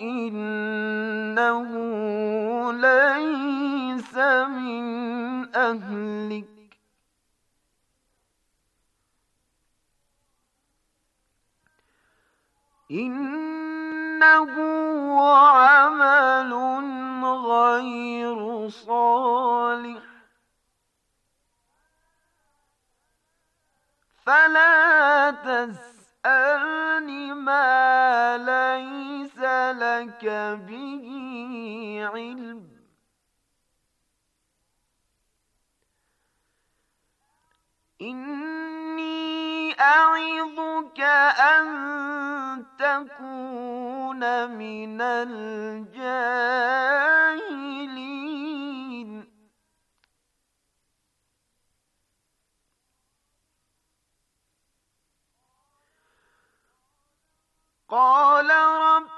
إنه ليس من أهلك إنه عمل غير صالح فلا تسألني ما ليس لك به علم إني أعظك أن تكون من الجاهلين قال رب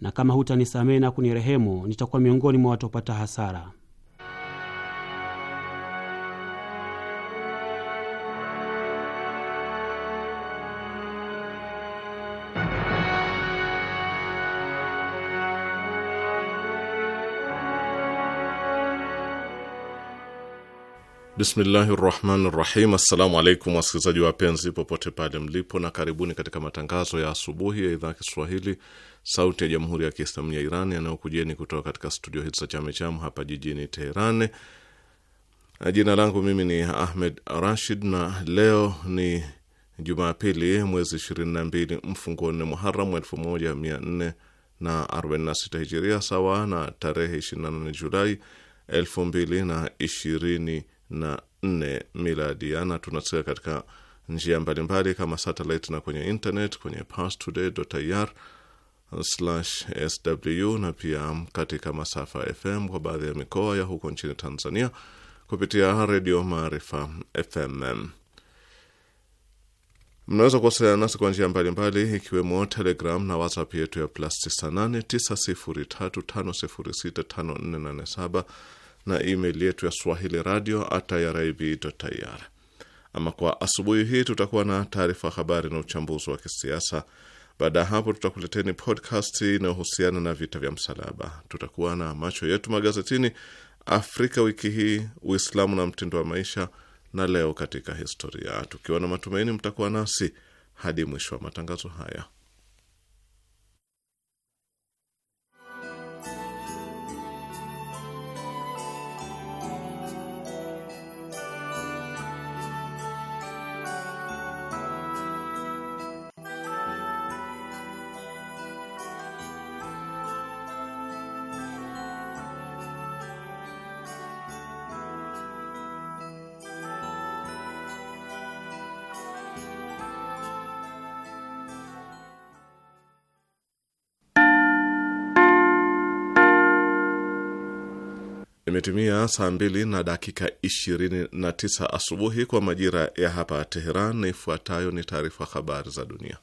na kama hutanisamehe na kunirehemu nitakuwa miongoni mwa watopata hasara. Bismillahi rahmani rahim. Assalamu alaikum wasikilizaji wapenzi popote pale mlipo, na karibuni katika matangazo ya asubuhi ya idhaa Kiswahili sauti ya jamhuri ya Kiislamu ya Iran yanayokujeni kutoka katika studio hizi za Chamecham hapa jijini Teheran. Jina langu mimi ni Ahmed Rashid na leo ni Jumapili, mwezi 22 mfunguo nne Muharamu 1446 Hijiria, sawa na tarehe 28 Julai 2020 na nne miladi. na tunasikia katika njia mbalimbali kama satelit na kwenye internet kwenye pastoday.ir sw na pia katika masafa FM kwa baadhi ya mikoa ya huko nchini Tanzania kupitia redio Maarifa FM. Mnaweza kuwasiliana nasi kwa njia mbalimbali ikiwemo Telegram na WhatsApp yetu ya plus 98 903 na email yetu ya swahili radio atirivr. Ama kwa asubuhi hii tutakuwa na taarifa habari na uchambuzi wa kisiasa. Baada ya hapo, tutakuleteni podcast inayohusiana na vita vya msalaba. Tutakuwa na macho yetu magazetini, Afrika wiki hii, Uislamu na mtindo wa maisha, na leo katika historia, tukiwa na matumaini mtakuwa nasi hadi mwisho wa matangazo haya. Imetimia saa mbili na dakika 29 asubuhi kwa majira ya hapa Teheran, na ifuatayo ni taarifa habari za dunia.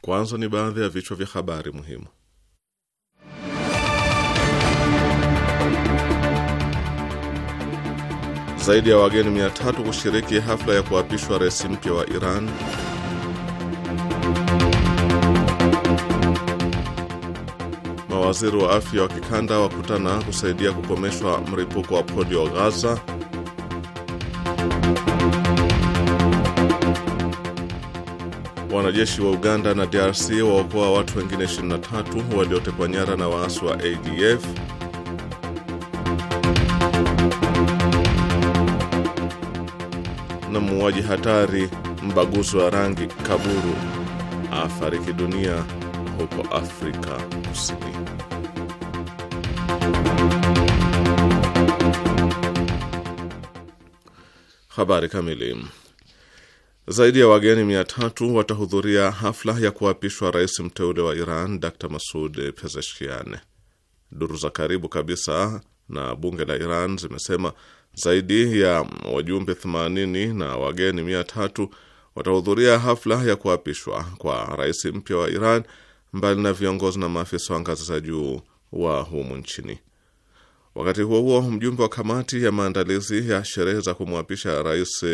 Kwanza ni baadhi ya vichwa vya habari muhimu. Zaidi ya wageni 300 kushiriki hafla ya kuapishwa rais mpya wa Iran. Mawaziri wa afya wa kikanda wakutana kusaidia kukomeshwa mlipuko wa polio Gaza. Wanajeshi wa Uganda na DRC waokoa watu wengine 23 waliotekwa nyara na waasi wa ADF. na muuaji hatari mbaguzi wa rangi Kaburu afariki dunia huko Afrika Kusini. Habari kamili. Zaidi ya wageni mia tatu watahudhuria hafla ya kuapishwa rais mteule wa Iran Dr Masud Pezeshkian. Duru za karibu kabisa na bunge la Iran zimesema zaidi ya wajumbe 80 na wageni 300 watahudhuria hafla ya kuapishwa kwa rais mpya wa Iran, mbali na viongozi na maafisa wa ngazi za juu wa humu nchini. Wakati huo huo, mjumbe wa kamati ya maandalizi ya sherehe za kumwapisha rais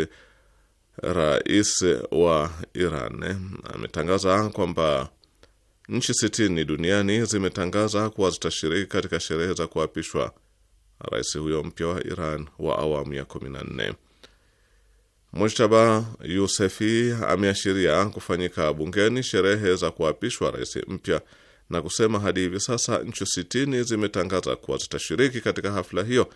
rais wa Iran ametangaza kwamba nchi sitini duniani zimetangaza kuwa zitashiriki katika sherehe za kuapishwa rais huyo mpya wa Iran wa awamu ya 14. Mujtaba Yusefi ameashiria kufanyika bungeni sherehe za kuapishwa rais mpya na kusema hadi hivi sasa nchi sitini zimetangaza kuwa zitashiriki katika hafla hiyo.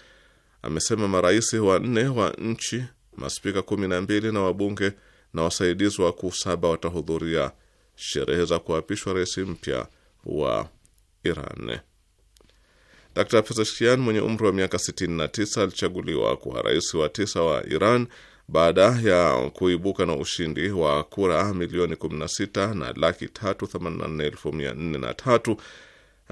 Amesema marais nne wa nchi, maspika 12 na na wabunge na wasaidizi wakuu saba watahudhuria sherehe za kuapishwa rais mpya wa Iran. Dr Pezeshkian mwenye umri wa miaka 69 alichaguliwa kuwa rais wa tisa wa Iran baada ya kuibuka na ushindi wa kura milioni 16 na laki 384443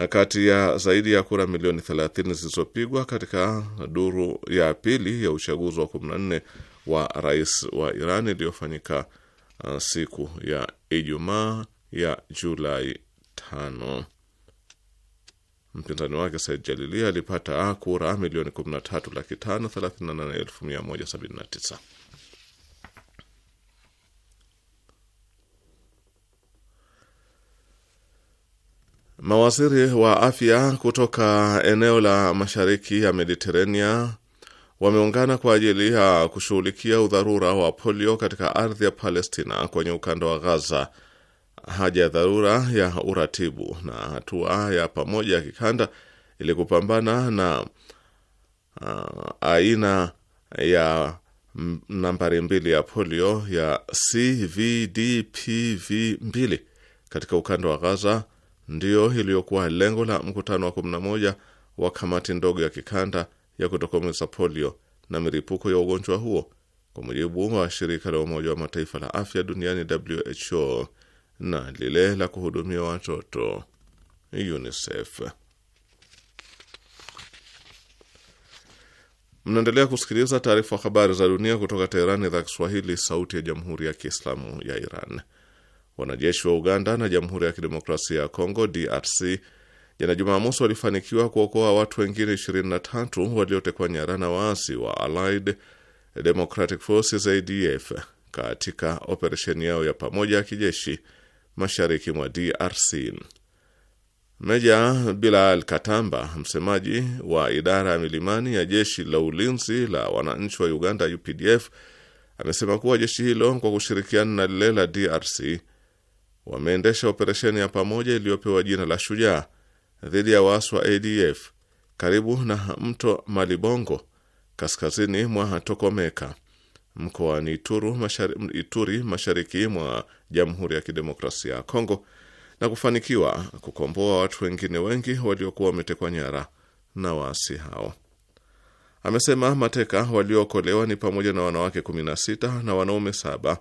kati ya zaidi ya kura milioni 30 zilizopigwa katika duru ya pili ya uchaguzi wa 14 wa rais wa Iran iliyofanyika uh, siku ya Ijumaa ya Julai 5. Mpinzani wake Said jalili alipata kura milioni 13 laki 5 Mawaziri wa afya kutoka eneo la mashariki ya Mediterania wameungana kwa ajili ya kushughulikia udharura wa polio katika ardhi ya Palestina kwenye ukanda wa Gaza haja ya dharura ya uratibu na hatua ya pamoja ya kikanda ili kupambana na uh, aina ya nambari mbili ya polio ya CVDPV2 katika ukanda wa Gaza ndiyo iliyokuwa lengo la mkutano wa 11 wa kamati ndogo ya kikanda ya kutokomeza polio na milipuko ya ugonjwa huo. Kwa mujibu wa shirika la Umoja wa Mataifa la afya duniani WHO, na lile la kuhudumia watoto UNICEF. Mnaendelea kusikiliza taarifa habari za dunia kutoka Teherani, idhaa Kiswahili, sauti ya jamhuri ya kiislamu ya Iran. Wanajeshi wa Uganda na jamhuri ya kidemokrasia ya Kongo, DRC, jana Jumamosi walifanikiwa kuokoa watu wengine 23 waliotekwa nyara na waasi wa Allied Democratic Forces, ADF, katika operesheni yao ya pamoja ya kijeshi mashariki mwa DRC. Meja Bilal Katamba, msemaji wa idara ya milimani ya jeshi la ulinzi la wananchi wa Uganda, UPDF, amesema kuwa jeshi hilo kwa kushirikiana na lile la DRC wameendesha operesheni ya pamoja iliyopewa jina la Shujaa dhidi ya waasi wa ADF karibu na mto Malibongo, kaskazini mwa Tokomeka mkoani mashari, Ituri mashariki mwa Jamhuri ya Kidemokrasia ya Kongo na kufanikiwa kukomboa watu wengine wengi waliokuwa wametekwa nyara na waasi hao. Amesema mateka waliookolewa ni pamoja na wanawake 16 na wanaume saba.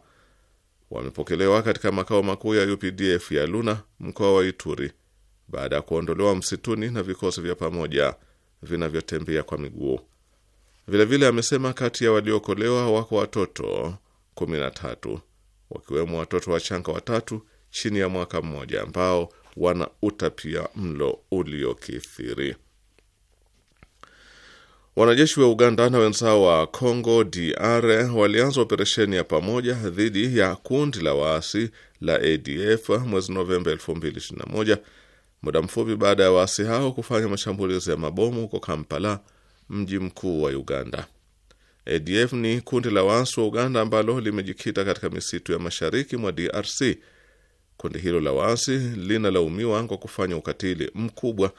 Wamepokelewa katika makao makuu ya UPDF ya Luna mkoa wa Ituri baada ya kuondolewa msituni na vikosi vya pamoja vinavyotembea kwa miguu. Vilevile amesema kati ya waliokolewa wako watoto 13 wakiwemo watoto wachanga watatu chini ya mwaka mmoja ambao wana utapia mlo uliokithiri. Wanajeshi wa Uganda na wenzao wa Congo DR walianza operesheni ya pamoja dhidi ya kundi la waasi la ADF mwezi Novemba 2021 muda mfupi baada ya waasi hao kufanya mashambulizi ya mabomu huko Kampala mji mkuu wa Uganda. ADF ni kundi la waasi wa Uganda ambalo limejikita katika misitu ya mashariki mwa DRC. Kundi hilo la waasi linalaumiwa kwa kufanya ukatili mkubwa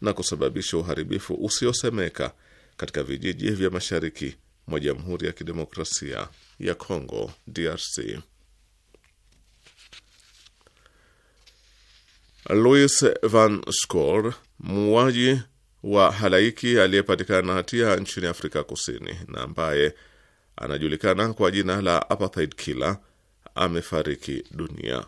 na kusababisha uharibifu usiosemeka katika vijiji vya mashariki mwa Jamhuri ya Kidemokrasia ya Kongo, DRC. Louis Van Score, muuaji wa halaiki aliyepatikana na hatia nchini Afrika Kusini na ambaye anajulikana kwa jina la apartheid killer amefariki dunia.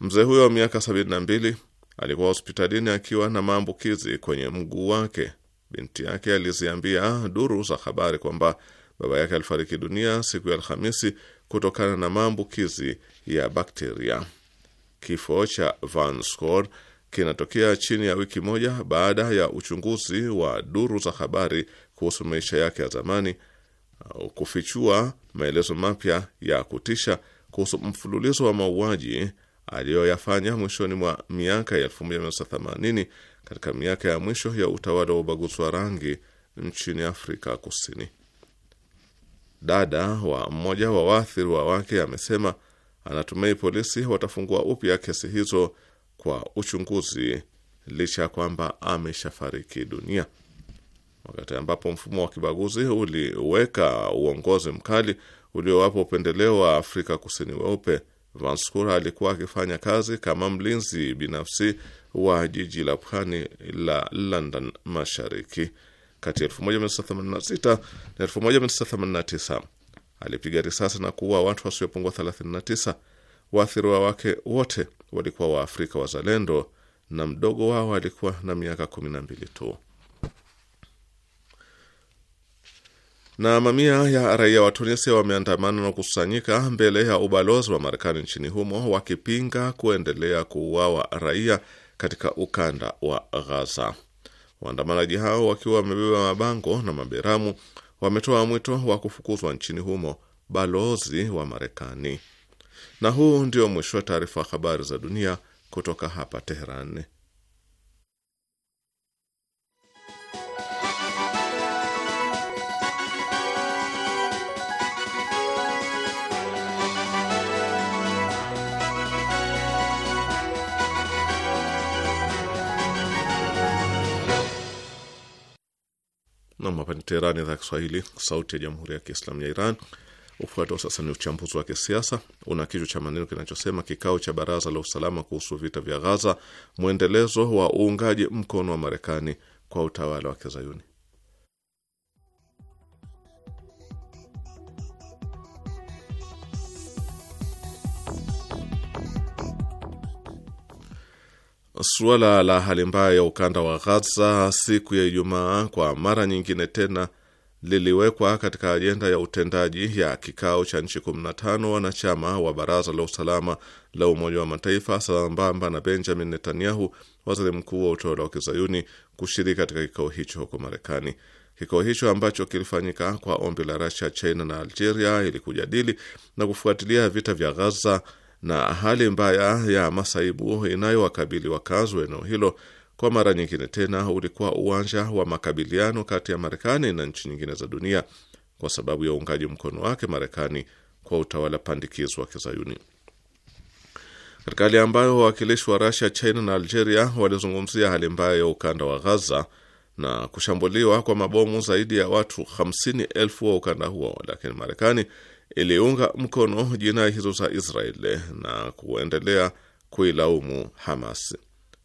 Mzee huyo wa miaka 72 alikuwa hospitalini akiwa na maambukizi kwenye mguu wake. Binti yake aliziambia duru za habari kwamba baba yake alifariki dunia siku ya Alhamisi kutokana na maambukizi ya bakteria. Kifo cha Van kinatokea chini ya wiki moja baada ya uchunguzi wa duru za habari kuhusu maisha yake ya zamani kufichua maelezo mapya ya kutisha kuhusu mfululizo wa mauaji aliyoyafanya mwishoni mwa miaka ya 1980 katika miaka ya mwisho ya utawala wa ubaguzi wa rangi nchini Afrika Kusini. Dada wa mmoja wa waathiriwa wake amesema anatumai polisi watafungua upya kesi hizo kwa uchunguzi licha ya kwamba ameshafariki dunia. Wakati ambapo mfumo wa kibaguzi uliweka uongozi mkali uliowapa upendeleo wa Afrika Kusini weupe, Vanskura alikuwa akifanya kazi kama mlinzi binafsi wa jiji la pwani la London Mashariki. Kati ya 1986 na 1989 alipiga risasi na kuua watu wasiopungua 39. Waathiriwa wake wote walikuwa Waafrika wazalendo na mdogo wao alikuwa na miaka kumi na mbili tu. Na mamia ya raia wa Tunisia wameandamana na kukusanyika mbele ya ubalozi wa Marekani nchini humo wakipinga kuendelea kuuawa raia katika ukanda wa Ghaza. Waandamanaji hao wakiwa wamebeba mabango na maberamu wametoa mwito wa kufukuzwa nchini humo balozi wa Marekani. Na huu ndio mwisho wa taarifa ya habari za dunia kutoka hapa Teheran. Nam, hapa ni Teherani, idhaa ya Kiswahili, sauti ya jamhuri ya kiislamu ya Iran. Ufuatao sasa ni uchambuzi wa kisiasa una kichwa cha maneno kinachosema kikao cha baraza la usalama kuhusu vita vya Ghaza, mwendelezo wa uungaji mkono wa Marekani kwa utawala wa Kizayuni. Suala la hali mbaya ya ukanda wa Ghaza siku ya Ijumaa kwa mara nyingine tena liliwekwa katika ajenda ya utendaji ya kikao cha nchi 15 wanachama wa Baraza la Usalama la Umoja wa Mataifa, sambamba na Benjamin Netanyahu, waziri mkuu wa utawala wa kizayuni, kushiriki katika kikao hicho huko Marekani. Kikao hicho ambacho kilifanyika kwa ombi la rasia China na Algeria ili kujadili na kufuatilia vita vya Gaza na hali mbaya ya masaibu inayowakabili wakazi wa eneo hilo kwa mara nyingine tena ulikuwa uwanja wa makabiliano kati ya Marekani na nchi nyingine za dunia kwa sababu ya uungaji mkono wake Marekani kwa utawala pandikizi wa Kizayuni. Katika hali ambayo wawakilishi wa rasia China na Algeria walizungumzia hali mbaya ya ukanda wa ghaza na kushambuliwa kwa mabomu zaidi ya watu hamsini wa ukanda huo, lakini Marekani iliunga mkono jinai hizo za Israeli na kuendelea kuilaumu Hamas.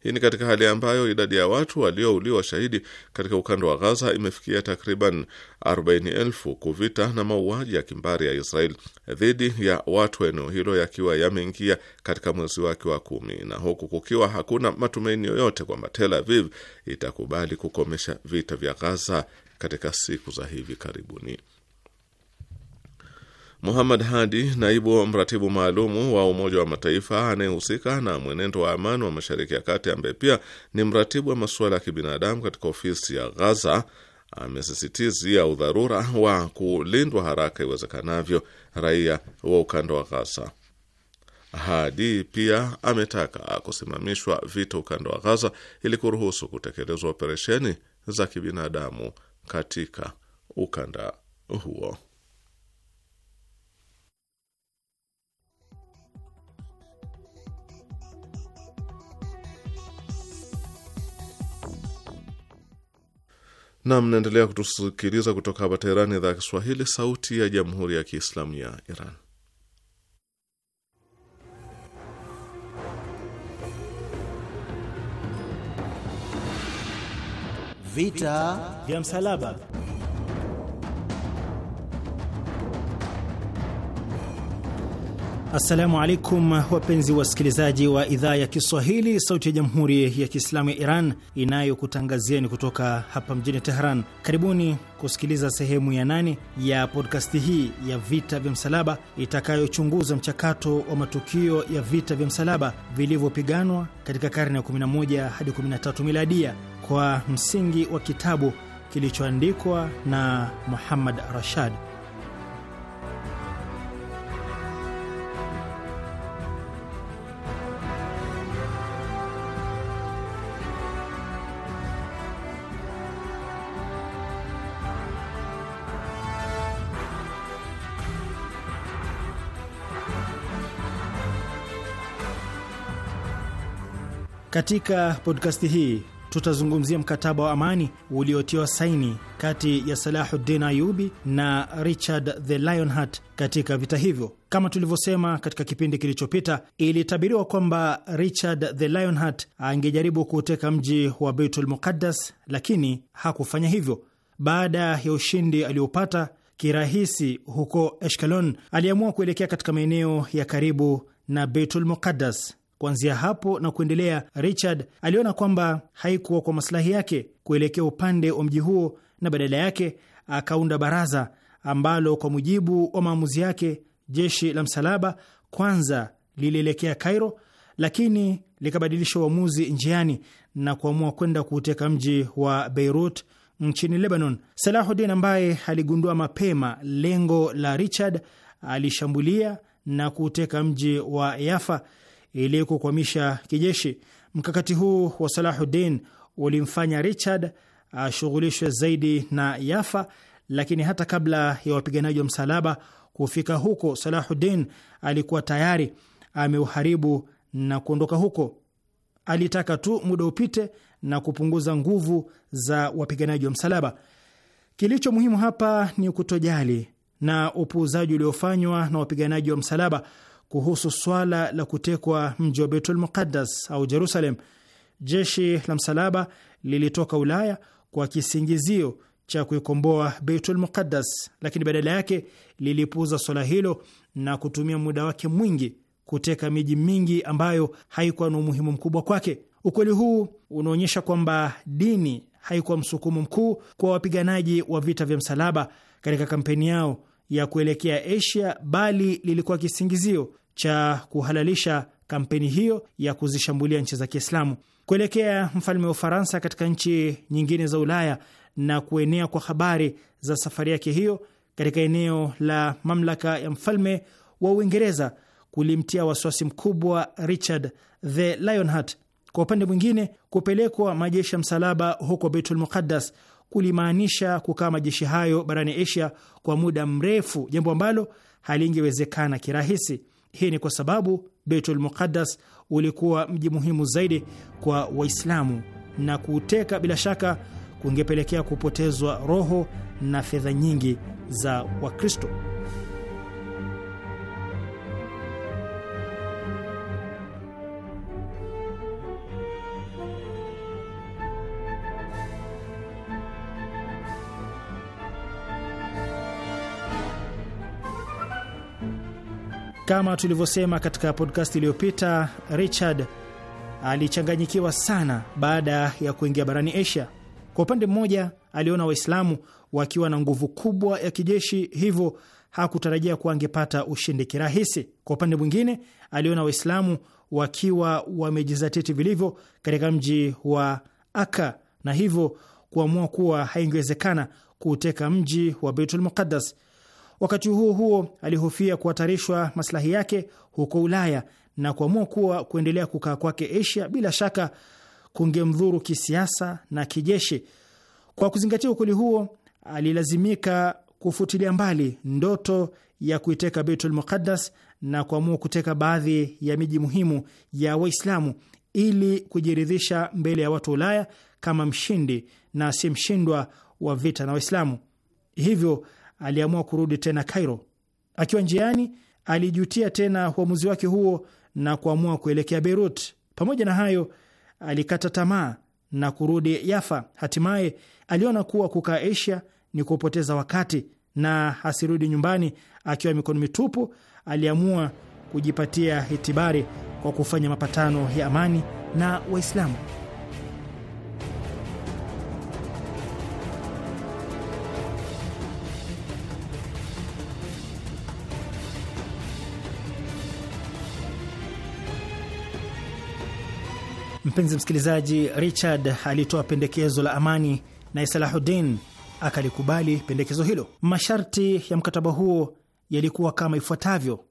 Hii ni katika hali ambayo idadi ya watu waliouliwa shahidi katika ukanda wa Gaza imefikia takriban 40,000 kuvita na mauaji ya kimbari ya Israel dhidi ya watu wa eneo hilo yakiwa yameingia katika mwezi wake wa kumi, na huku kukiwa hakuna matumaini yoyote kwamba Tel Aviv itakubali kukomesha vita vya Gaza katika siku za hivi karibuni. Muhammad Hadi, naibu mratibu maalumu wa Umoja wa Mataifa anayehusika na mwenendo wa amani wa Mashariki ya Kati, ambaye pia ni mratibu wa masuala ya kibinadamu katika ofisi ya Ghaza, amesisitizia udharura wa kulindwa haraka iwezekanavyo raia wa ukanda wa Ghaza. Hadi pia ametaka kusimamishwa vita ukanda wa Ghaza ili kuruhusu kutekelezwa operesheni za kibinadamu katika ukanda huo. na mnaendelea kutusikiliza kutoka hapa Teherani, idhaa ya Kiswahili, sauti ya jamhuri ya kiislamu ya Iran. Vita vya msalaba Assalamu alaikum wapenzi wasikilizaji wa idhaa ya Kiswahili, sauti ya jamhuri ya kiislamu ya Iran inayokutangazieni kutoka hapa mjini Teheran. Karibuni kusikiliza sehemu ya nane ya podkasti hii ya vita vya msalaba itakayochunguza mchakato wa matukio ya vita vya msalaba vilivyopiganwa katika karne ya 11 hadi 13 miladia kwa msingi wa kitabu kilichoandikwa na Muhammad Rashad. Katika podkasti hii tutazungumzia mkataba wa amani uliotiwa saini kati ya Salahuddin Ayubi na Richard the Lionheart katika vita hivyo. Kama tulivyosema katika kipindi kilichopita, ilitabiriwa kwamba Richard the Lionheart angejaribu kuuteka mji wa Beitul Muqaddas, lakini hakufanya hivyo. Baada ya ushindi aliopata kirahisi huko Eshkelon, aliamua kuelekea katika maeneo ya karibu na Beitul Muqaddas. Kuanzia hapo na kuendelea, Richard aliona kwamba haikuwa kwa masilahi yake kuelekea upande wa mji huo, na badala yake akaunda baraza ambalo kwa mujibu wa maamuzi yake jeshi la msalaba kwanza lilielekea Cairo, lakini likabadilisha uamuzi njiani na kuamua kwenda kuuteka mji wa Beirut nchini Lebanon. Salahuddin ambaye aligundua mapema lengo la Richard alishambulia na kuuteka mji wa Yafa ili kukwamisha kijeshi. Mkakati huu wa Salahuddin ulimfanya Richard ashughulishwe zaidi na Yafa, lakini hata kabla ya wapiganaji wa msalaba kufika huko, Salahuddin alikuwa tayari ameuharibu na kuondoka huko. Alitaka tu muda upite na kupunguza nguvu za wapiganaji wa msalaba. Kilicho muhimu hapa ni kutojali na upuuzaji uliofanywa na wapiganaji wa msalaba kuhusu swala la kutekwa mji wa Beitul Muqaddas au Jerusalem, jeshi la msalaba lilitoka Ulaya kwa kisingizio cha kuikomboa Beitul Muqaddas, lakini badala yake lilipuuza swala hilo na kutumia muda wake mwingi kuteka miji mingi ambayo haikuwa na umuhimu mkubwa kwake. Ukweli huu unaonyesha kwamba dini haikuwa msukumo mkuu kwa wapiganaji wa vita vya msalaba katika kampeni yao ya kuelekea Asia, bali lilikuwa kisingizio cha kuhalalisha kampeni hiyo ya kuzishambulia nchi za Kiislamu. Kuelekea mfalme wa Ufaransa katika nchi nyingine za Ulaya na kuenea kwa habari za safari yake hiyo katika eneo la mamlaka ya mfalme wa Uingereza kulimtia wasiwasi mkubwa Richard the Lionheart. Kwa upande mwingine, kupelekwa majeshi ya msalaba huko Beitul Muqaddas kulimaanisha kukaa majeshi hayo barani Asia kwa muda mrefu, jambo ambalo halingewezekana kirahisi. Hii ni kwa sababu Beitul Muqaddas ulikuwa mji muhimu zaidi kwa Waislamu na kuuteka bila shaka kungepelekea kupotezwa roho na fedha nyingi za Wakristo. Kama tulivyosema katika podcast iliyopita, Richard alichanganyikiwa sana baada ya kuingia barani Asia. Kwa upande mmoja, aliona Waislamu wakiwa na nguvu kubwa ya kijeshi, hivyo hakutarajia kuwa angepata ushindi kirahisi. Kwa upande mwingine, aliona Waislamu wakiwa wamejizatiti vilivyo katika mji wa Aka na hivyo kuamua kuwa haingewezekana kuuteka mji wa Beitul Muqaddas. Wakati huo huo, alihofia kuhatarishwa maslahi yake huko Ulaya na kuamua kuwa kuendelea kukaa kwake Asia bila shaka kungemdhuru kisiasa na kijeshi. Kwa kuzingatia ukweli huo, alilazimika kufutilia mbali ndoto ya kuiteka Beitul Muqaddas na kuamua kuteka baadhi ya miji muhimu ya Waislamu ili kujiridhisha mbele ya watu wa Ulaya kama mshindi na si mshindwa wa vita na Waislamu. Hivyo aliamua kurudi tena Cairo. Akiwa njiani, alijutia tena uamuzi wake huo na kuamua kuelekea Beirut. Pamoja na hayo, alikata tamaa na kurudi Yafa. Hatimaye aliona kuwa kukaa Asia ni kupoteza wakati na asirudi nyumbani akiwa mikono mitupu. Aliamua kujipatia itibari kwa kufanya mapatano ya amani na Waislamu. Mpenzi msikilizaji, Richard alitoa pendekezo la amani naye Salahuddin akalikubali pendekezo hilo. Masharti ya mkataba huo yalikuwa kama ifuatavyo: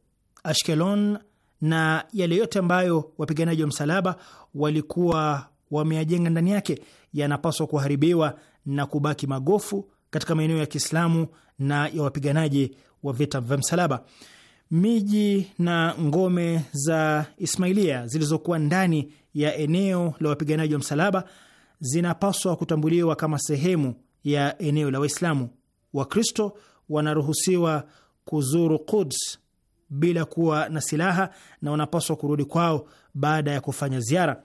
Ashkelon na yale yote ambayo wapiganaji wa msalaba walikuwa wameyajenga ndani yake yanapaswa kuharibiwa na kubaki magofu katika maeneo ya Kiislamu na ya wapiganaji wa vita vya msalaba miji na ngome za Ismailia zilizokuwa ndani ya eneo la wapiganaji wa msalaba zinapaswa kutambuliwa kama sehemu ya eneo la Waislamu. Wakristo wanaruhusiwa kuzuru Quds bila kuwa na silaha na wanapaswa kurudi kwao baada ya kufanya ziara.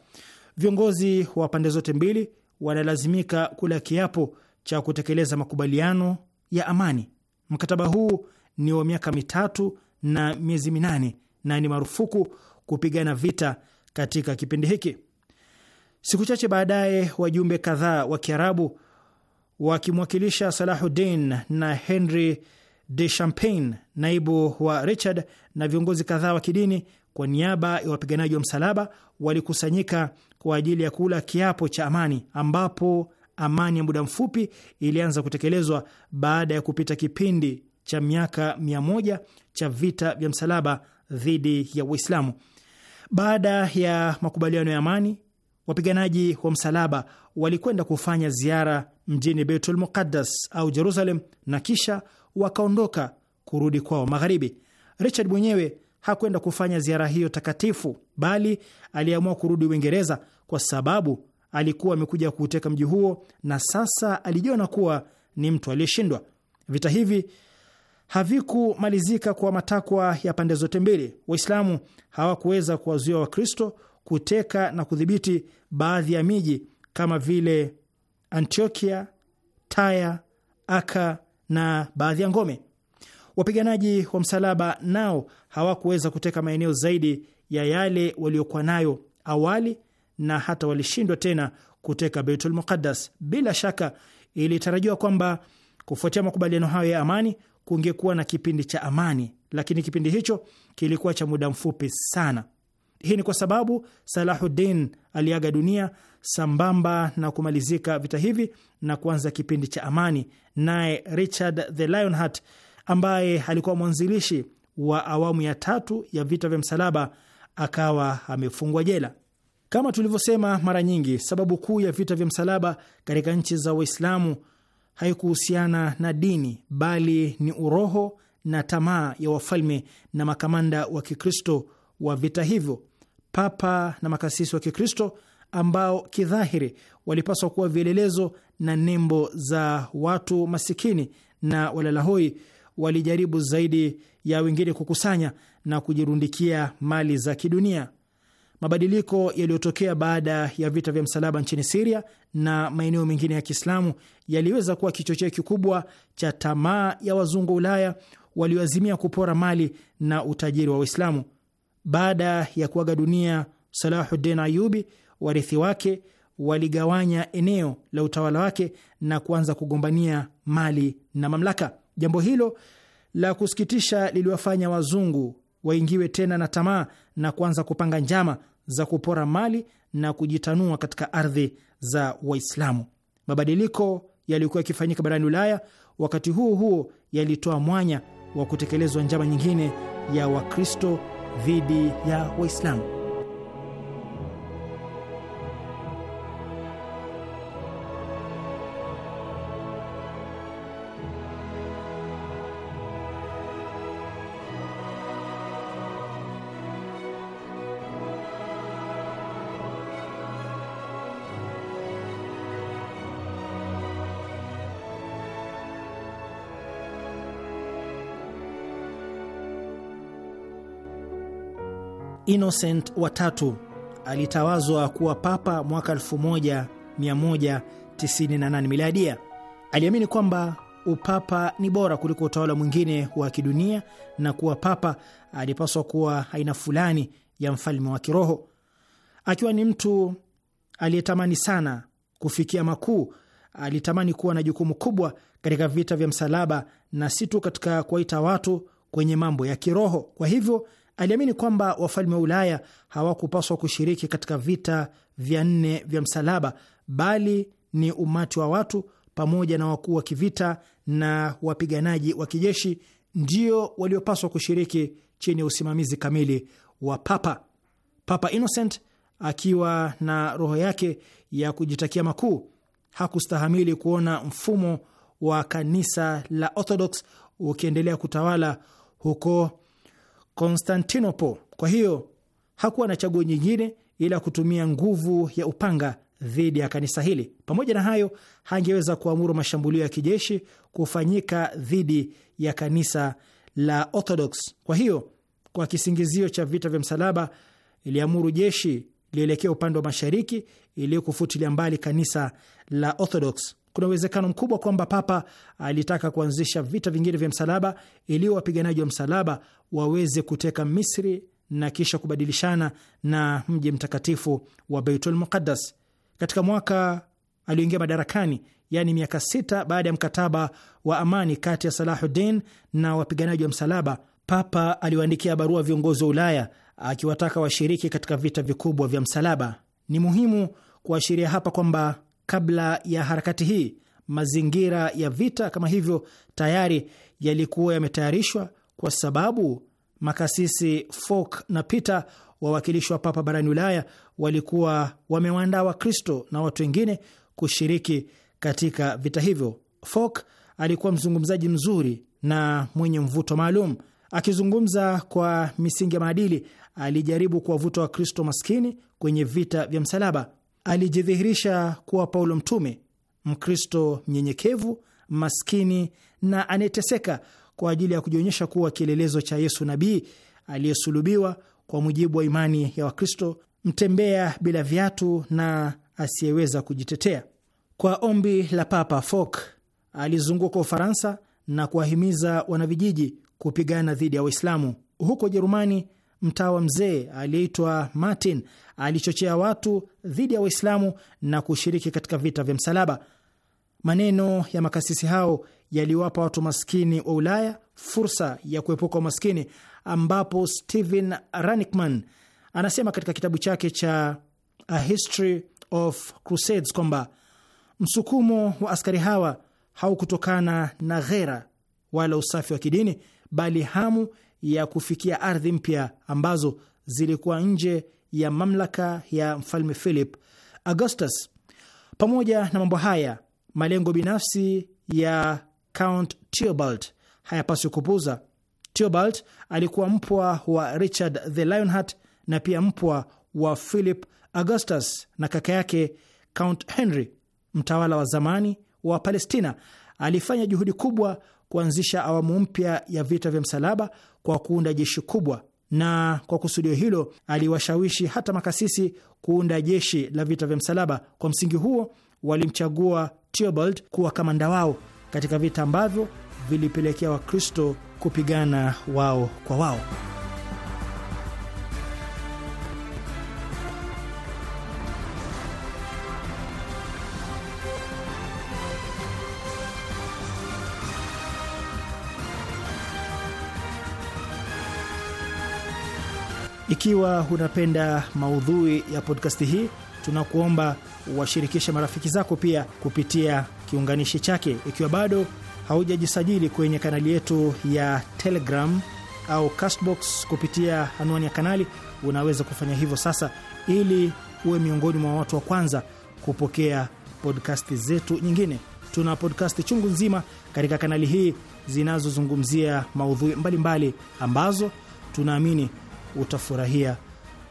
Viongozi wa pande zote mbili wanalazimika kula kiapo cha kutekeleza makubaliano ya amani. Mkataba huu ni wa miaka mitatu na miezi minane na ni marufuku kupigana vita katika kipindi hiki. Siku chache baadaye, wajumbe kadhaa wa Kiarabu wakimwakilisha Salahuddin na Henry de Champagne, naibu wa Richard, na viongozi kadhaa wa kidini kwa niaba ya wapiganaji wa msalaba walikusanyika kwa ajili ya kula kiapo cha amani, ambapo amani ya muda mfupi ilianza kutekelezwa baada ya kupita kipindi cha miaka moja cha vita vya msalaba dhidi ya Uislamu. Baada ya makubaliano ya amani, wapiganaji wa msalaba walikwenda kufanya ziara mjini Beitul Muqaddas au Jerusalem, na kisha wakaondoka kurudi kwao magharibi. Richard mwenyewe hakwenda kufanya ziara hiyo takatifu, bali aliamua kurudi Uingereza kwa sababu alikuwa amekuja kuuteka mji huo, na sasa alijiona kuwa ni mtu aliyeshindwa. Vita hivi havikumalizika kwa matakwa ya pande zote mbili. Waislamu hawakuweza kuwazuia Wakristo kuteka na kudhibiti baadhi ya miji kama vile Antiokia, Taya, Aka na baadhi ya ngome. Wapiganaji wa msalaba nao hawakuweza kuteka maeneo zaidi ya yale waliokuwa nayo awali, na hata walishindwa tena kuteka Beitul Muqaddas. Bila shaka ilitarajiwa kwamba kufuatia makubaliano hayo ya amani kungekuwa na kipindi cha amani, lakini kipindi hicho kilikuwa cha muda mfupi sana. Hii ni kwa sababu Salahuddin aliaga dunia sambamba na kumalizika vita hivi na kuanza kipindi cha amani, naye Richard the Lionheart ambaye alikuwa mwanzilishi wa awamu ya tatu ya vita vya msalaba akawa amefungwa jela. Kama tulivyosema mara nyingi, sababu kuu ya vita vya msalaba katika nchi za Waislamu haikuhusiana na dini bali ni uroho na tamaa ya wafalme na makamanda wa Kikristo wa vita hivyo. Papa na makasisi wa Kikristo ambao kidhahiri walipaswa kuwa vielelezo na nembo za watu masikini na walalahoi walijaribu zaidi ya wengine kukusanya na kujirundikia mali za kidunia. Mabadiliko yaliyotokea baada ya vita vya msalaba nchini Siria na maeneo mengine ya Kiislamu yaliweza kuwa kichocheo kikubwa cha tamaa ya wazungu wa Ulaya walioazimia kupora mali na utajiri wa Waislamu. Baada ya kuaga dunia Salahuddin Ayubi, warithi wake waligawanya eneo la utawala wake na kuanza kugombania mali na mamlaka. Jambo hilo la kusikitisha liliwafanya wazungu waingiwe tena na tamaa na kuanza kupanga njama za kupora mali na kujitanua katika ardhi za Waislamu. Mabadiliko yaliyokuwa yakifanyika barani Ulaya wakati huo huo yalitoa mwanya wa kutekelezwa njama nyingine ya Wakristo dhidi ya Waislamu. Innocent watatu alitawazwa kuwa papa mwaka 1198 miladia. Aliamini kwamba upapa ni bora kuliko utawala mwingine wa kidunia na kuwa papa alipaswa kuwa aina fulani ya mfalme wa kiroho. Akiwa ni mtu aliyetamani sana kufikia makuu, alitamani kuwa na jukumu kubwa katika vita vya msalaba na si tu katika kuwaita watu kwenye mambo ya kiroho. Kwa hivyo Aliamini kwamba wafalme wa Ulaya hawakupaswa kushiriki katika vita vya nne vya msalaba, bali ni umati wa watu pamoja na wakuu wa kivita na wapiganaji wa kijeshi ndio waliopaswa kushiriki chini ya usimamizi kamili wa Papa. Papa Innocent akiwa na roho yake ya kujitakia makuu hakustahamili kuona mfumo wa kanisa la Orthodox ukiendelea kutawala huko Konstantinople. Kwa hiyo hakuwa na chaguo nyingine ila kutumia nguvu ya upanga dhidi ya kanisa hili. Pamoja na hayo, hangeweza kuamuru mashambulio ya kijeshi kufanyika dhidi ya kanisa la Orthodox. Kwa hiyo, kwa kisingizio cha vita vya msalaba, iliamuru jeshi lielekea upande wa mashariki ili kufutilia mbali kanisa la Orthodox kuna uwezekano mkubwa kwamba Papa alitaka kuanzisha vita vingine vya msalaba ili wapiganaji wa msalaba waweze kuteka Misri na kisha kubadilishana na mji mtakatifu wa Beitul Muqaddas. Katika mwaka alioingia madarakani, yaani miaka sita baada ya mkataba wa amani kati ya Salahuddin na wapiganaji wa msalaba, Papa aliwaandikia barua viongozi wa Ulaya akiwataka washiriki katika vita vikubwa vya msalaba. Ni muhimu kuashiria hapa kwamba kabla ya harakati hii, mazingira ya vita kama hivyo tayari yalikuwa yametayarishwa, kwa sababu makasisi Folk na Peter, wawakilishi wa papa barani Ulaya, walikuwa wamewaandaa Wakristo na watu wengine kushiriki katika vita hivyo. Folk alikuwa mzungumzaji mzuri na mwenye mvuto maalum. Akizungumza kwa misingi ya maadili, alijaribu kuwavuta Wakristo maskini kwenye vita vya msalaba alijidhihirisha kuwa Paulo Mtume, Mkristo mnyenyekevu, maskini na anayeteseka kwa ajili ya kujionyesha kuwa kielelezo cha Yesu nabii aliyesulubiwa kwa mujibu wa imani ya Wakristo, mtembea bila viatu na asiyeweza kujitetea. Kwa ombi la Papa, Fok alizunguka Ufaransa na kuwahimiza wanavijiji kupigana dhidi ya Waislamu. Huko Ujerumani mtawa mzee aliyeitwa Martin alichochea watu dhidi ya Waislamu na kushiriki katika vita vya msalaba. Maneno ya makasisi hao yaliwapa watu maskini wa Ulaya fursa ya kuepuka umaskini, ambapo stehen Ranikman anasema katika kitabu chake cha A History of Crusades kwamba msukumo wa askari hawa haukutokana na ghera wala usafi wa kidini, bali hamu ya kufikia ardhi mpya ambazo zilikuwa nje ya mamlaka ya mfalme Philip Augustus. Pamoja na mambo haya, malengo binafsi ya Count Theobald hayapaswi kupuza. Theobald alikuwa mpwa wa Richard the Lionheart na pia mpwa wa Philip Augustus na kaka yake Count Henry, mtawala wa zamani wa Palestina. Alifanya juhudi kubwa kuanzisha awamu mpya ya vita vya msalaba kwa kuunda jeshi kubwa, na kwa kusudio hilo aliwashawishi hata makasisi kuunda jeshi la vita vya msalaba. Kwa msingi huo walimchagua Theobald kuwa kamanda wao katika vita ambavyo vilipelekea Wakristo kupigana wao kwa wao. Ikiwa unapenda maudhui ya podkasti hii, tunakuomba washirikishe marafiki zako pia kupitia kiunganishi chake. Ikiwa bado haujajisajili kwenye kanali yetu ya Telegram au Castbox kupitia anwani ya kanali, unaweza kufanya hivyo sasa, ili uwe miongoni mwa watu wa kwanza kupokea podkasti zetu nyingine. Tuna podkasti chungu nzima katika kanali hii zinazozungumzia maudhui mbalimbali mbali ambazo tunaamini utafurahia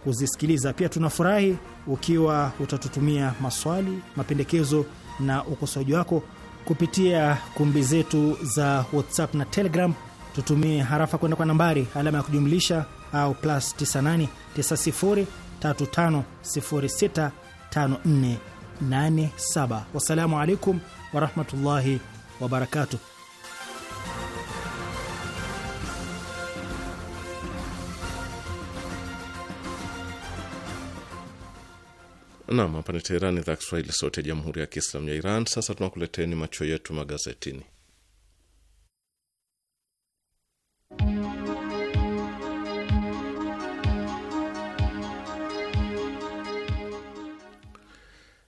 kuzisikiliza. Pia tunafurahi ukiwa utatutumia maswali, mapendekezo na ukosoaji wako kupitia kumbi zetu za WhatsApp na Telegram. Tutumie harafa kwenda kwa nambari alama ya kujumlisha au plus 98 9035065487. Wassalamu alaikum warahmatullahi wabarakatuh. Nam, hapa ni Teherani, idhaa Kiswahili, sauti ya jamhuri ya kiislamu ya Iran. Sasa tunakuleteni macho yetu magazetini.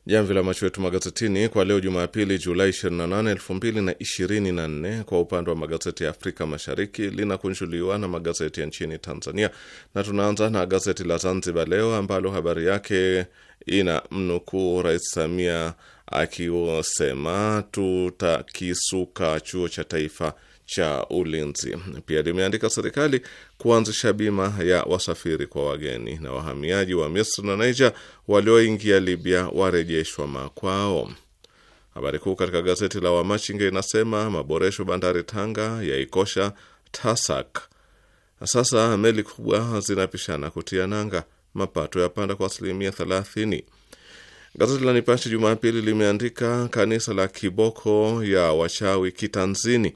Jamvi la macho yetu magazetini kwa leo Jumapili, Julai 28, 2024 kwa upande wa magazeti ya Afrika Mashariki linakunjuliwa na magazeti ya nchini Tanzania, na tunaanza na gazeti la Zanzibar Leo ambalo habari yake ina mnukuu Rais Samia akiosema tutakisuka chuo cha taifa cha ulinzi. Pia limeandika serikali kuanzisha bima ya wasafiri kwa wageni, na wahamiaji wa Misri na Niger walioingia Libya warejeshwa makwao. Habari kuu katika gazeti la Wamachinga inasema maboresho bandari Tanga yaikosha TASAC. Sasa meli kubwa zinapishana kutia nanga mapato yapanda kwa asilimia 30. Gazeti la Nipashe Jumapili limeandika kanisa la kiboko ya wachawi kitanzini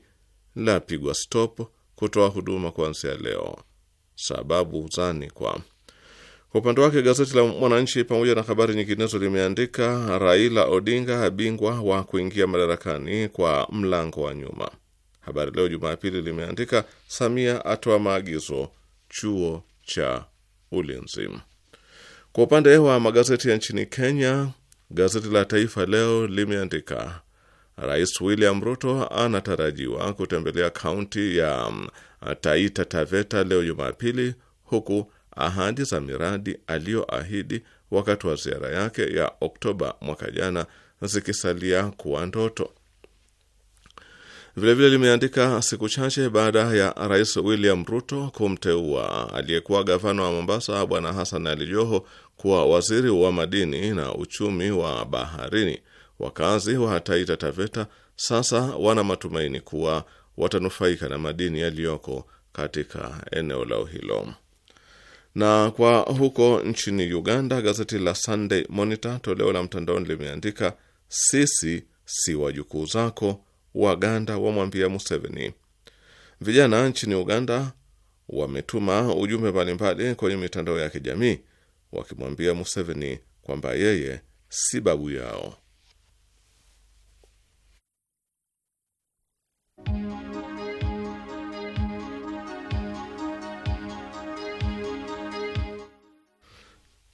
lapigwa stop kutoa huduma kuanzia leo, sababu zani kwa kwa upande wake gazeti la Mwananchi pamoja na habari nyinginezo limeandika Raila Odinga abingwa wa kuingia madarakani kwa mlango wa nyuma. Habari Leo Jumapili limeandika Samia atoa maagizo chuo cha ulinzi. Kwa upande wa magazeti ya nchini Kenya, gazeti la Taifa Leo limeandika Rais William Ruto anatarajiwa kutembelea kaunti ya um, Taita Taveta leo Jumapili, huku ahadi za miradi aliyoahidi wakati wa ziara yake ya Oktoba mwaka jana zikisalia kuwa ndoto. Vilevile limeandika siku chache baada ya Rais William Ruto kumteua aliyekuwa gavana wa Mombasa Bwana Hassan Ali Joho kuwa waziri wa madini na uchumi wa baharini, wakazi wa Taita Taveta sasa wana matumaini kuwa watanufaika na madini yaliyoko katika eneo lao hilo. Na kwa huko nchini Uganda, gazeti la Sunday Monitor toleo la mtandaoni limeandika sisi si wajukuu zako wa Uganda wamwambia Museveni. Vijana nchini Uganda wametuma ujumbe mbalimbali kwenye mitandao ya kijamii wakimwambia Museveni kwamba yeye si babu yao.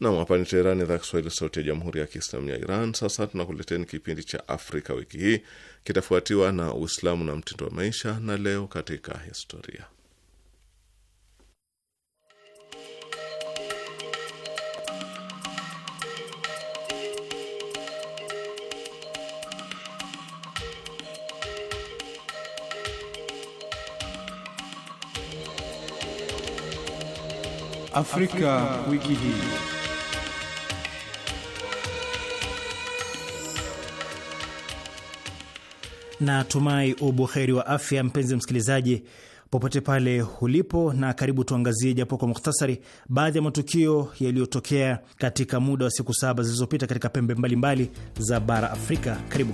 Nam, hapa ni Teherani, idhaa Kiswahili, sauti ya jamhuri ya kiislamu ya Iran. Sasa tunakuleteni kipindi cha Afrika wiki hii, kitafuatiwa na Uislamu na mtindo wa maisha na leo katika historia. Afrika, Afrika wiki hii. na tumai ubuheri wa afya, mpenzi msikilizaji, popote pale ulipo, na karibu tuangazie japo kwa mukhtasari baadhi ya matukio yaliyotokea katika muda wa siku saba zilizopita katika pembe mbalimbali mbali za bara Afrika. Karibu.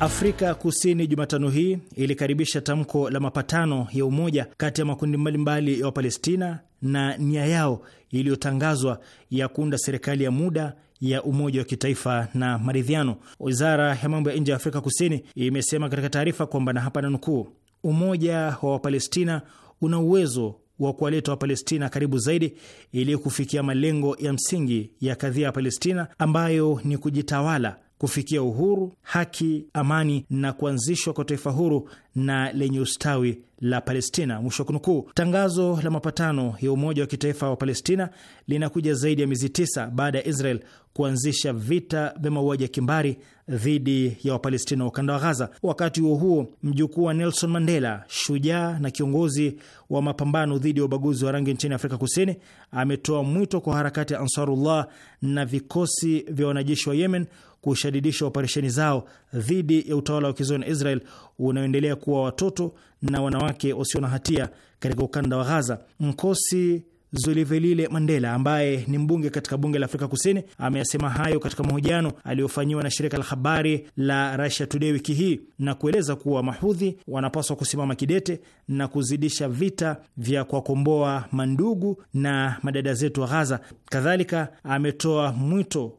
Afrika Kusini Jumatano hii ilikaribisha tamko la mapatano ya umoja kati ya makundi mbalimbali ya Wapalestina na nia yao iliyotangazwa ya kuunda serikali ya muda ya umoja wa kitaifa na maridhiano. Wizara ya mambo ya nje ya Afrika Kusini imesema katika taarifa kwamba, na hapa nanukuu, umoja wa Wapalestina una uwezo wa kuwaleta Wapalestina karibu zaidi ili kufikia malengo ya msingi ya kadhia ya Palestina ambayo ni kujitawala kufikia uhuru, haki, amani na kuanzishwa kwa taifa huru na lenye ustawi la Palestina. Mwisho wa kunukuu. Tangazo la mapatano ya umoja wa kitaifa wa Palestina linakuja zaidi ya miezi tisa baada ya Israel kuanzisha vita vya mauaji ya kimbari dhidi ya Wapalestina wa ukanda wa Ghaza. Wakati huo huo, mjukuu wa Nelson Mandela, shujaa na kiongozi wa mapambano dhidi ya ubaguzi wa rangi nchini Afrika Kusini, ametoa mwito kwa harakati ya Ansarullah na vikosi vya wanajeshi wa Yemen kushadidisha operesheni zao dhidi ya utawala wa kizoni Israel unaoendelea kuwa watoto na wanawake wasio na hatia katika ukanda wa Ghaza. Mkosi Zulivelile Mandela ambaye ni mbunge katika bunge la Afrika Kusini ameyasema hayo katika mahojiano aliyofanyiwa na shirika la habari la Russia Today wiki hii na kueleza kuwa mahudhi wanapaswa kusimama kidete na kuzidisha vita vya kuwakomboa mandugu na madada zetu wa Ghaza. Kadhalika ametoa mwito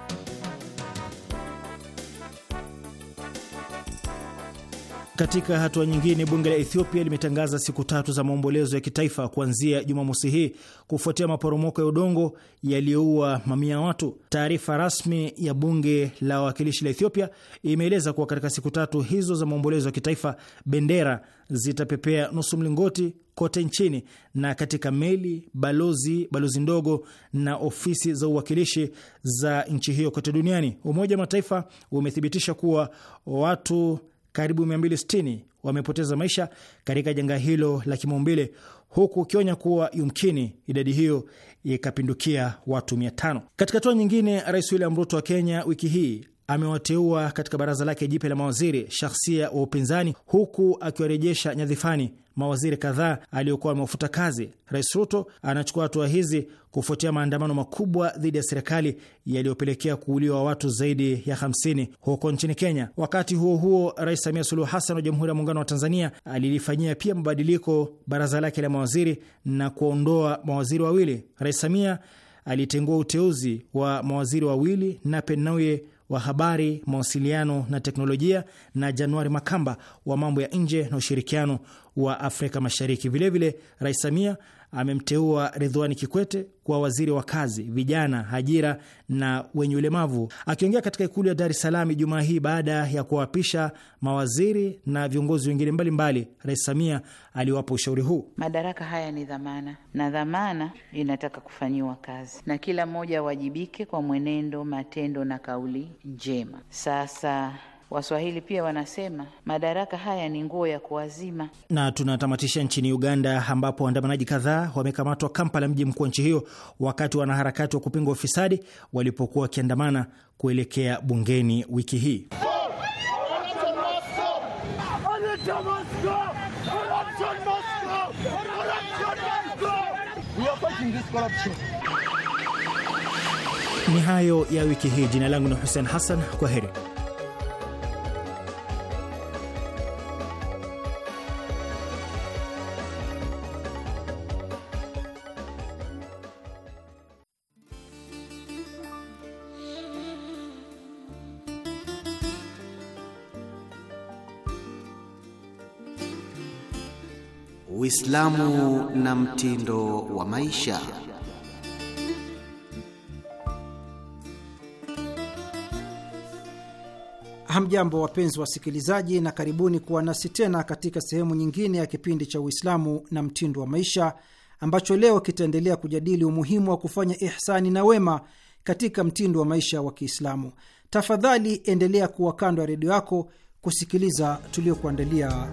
Katika hatua nyingine, bunge la Ethiopia limetangaza siku tatu za maombolezo ya kitaifa kuanzia Jumamosi hii kufuatia maporomoko ya udongo yaliyoua mamia ya watu. Taarifa rasmi ya bunge la wawakilishi la Ethiopia imeeleza kuwa katika siku tatu hizo za maombolezo ya kitaifa, bendera zitapepea nusu mlingoti kote nchini na katika meli, balozi, balozi ndogo na ofisi za uwakilishi za nchi hiyo kote duniani. Umoja wa Mataifa umethibitisha kuwa watu karibu 260 wamepoteza maisha katika janga hilo la kimaumbile, huku ukionya kuwa yumkini idadi hiyo ikapindukia watu 500. Katika hatua nyingine, Rais William Ruto wa Kenya wiki hii amewateua katika baraza lake jipya la mawaziri shahsia wa upinzani huku akiwarejesha nyadhifani mawaziri kadhaa aliyokuwa amewafuta kazi. Rais Ruto anachukua hatua hizi kufuatia maandamano makubwa dhidi ya serikali yaliyopelekea kuuliwa watu zaidi ya 50 huko nchini Kenya. Wakati huo huo, Rais Samia Suluhu Hassan wa Jamhuri ya Muungano wa Tanzania alilifanyia pia mabadiliko baraza lake la mawaziri na kuondoa mawaziri wawili. Rais Samia alitengua uteuzi wa mawaziri wawili Nape Nnauye wa habari, mawasiliano na teknolojia na Januari Makamba wa mambo ya nje na ushirikiano wa Afrika Mashariki. Vilevile, Rais Samia amemteua Ridhwani Kikwete kuwa waziri wa kazi, vijana, ajira na wenye ulemavu. Akiongea katika ikulu ya Dar es Salaam Ijumaa hii baada ya kuwaapisha mawaziri na viongozi wengine mbalimbali, Rais Samia aliwapa ushauri huu: madaraka haya ni dhamana, na dhamana inataka kufanyiwa kazi, na kila mmoja awajibike kwa mwenendo, matendo na kauli njema. Sasa Waswahili pia wanasema madaraka haya ni nguo ya kuwazima. Na tunatamatisha nchini Uganda, ambapo waandamanaji kadhaa wamekamatwa Kampala, mji mkuu wa nchi hiyo, wakati wanaharakati wa kupinga ufisadi walipokuwa wakiandamana kuelekea bungeni wiki hii. Ni hayo ya wiki hii. Jina langu ni Hussein Hassan, kwa heri. Uislamu na mtindo wa maisha. Hamjambo, wapenzi wasikilizaji, na karibuni kuwa nasi tena katika sehemu nyingine ya kipindi cha Uislamu na mtindo wa maisha ambacho leo kitaendelea kujadili umuhimu wa kufanya ihsani na wema katika mtindo wa maisha wa Kiislamu. Tafadhali endelea kuwa kando ya redio yako kusikiliza tuliokuandalia.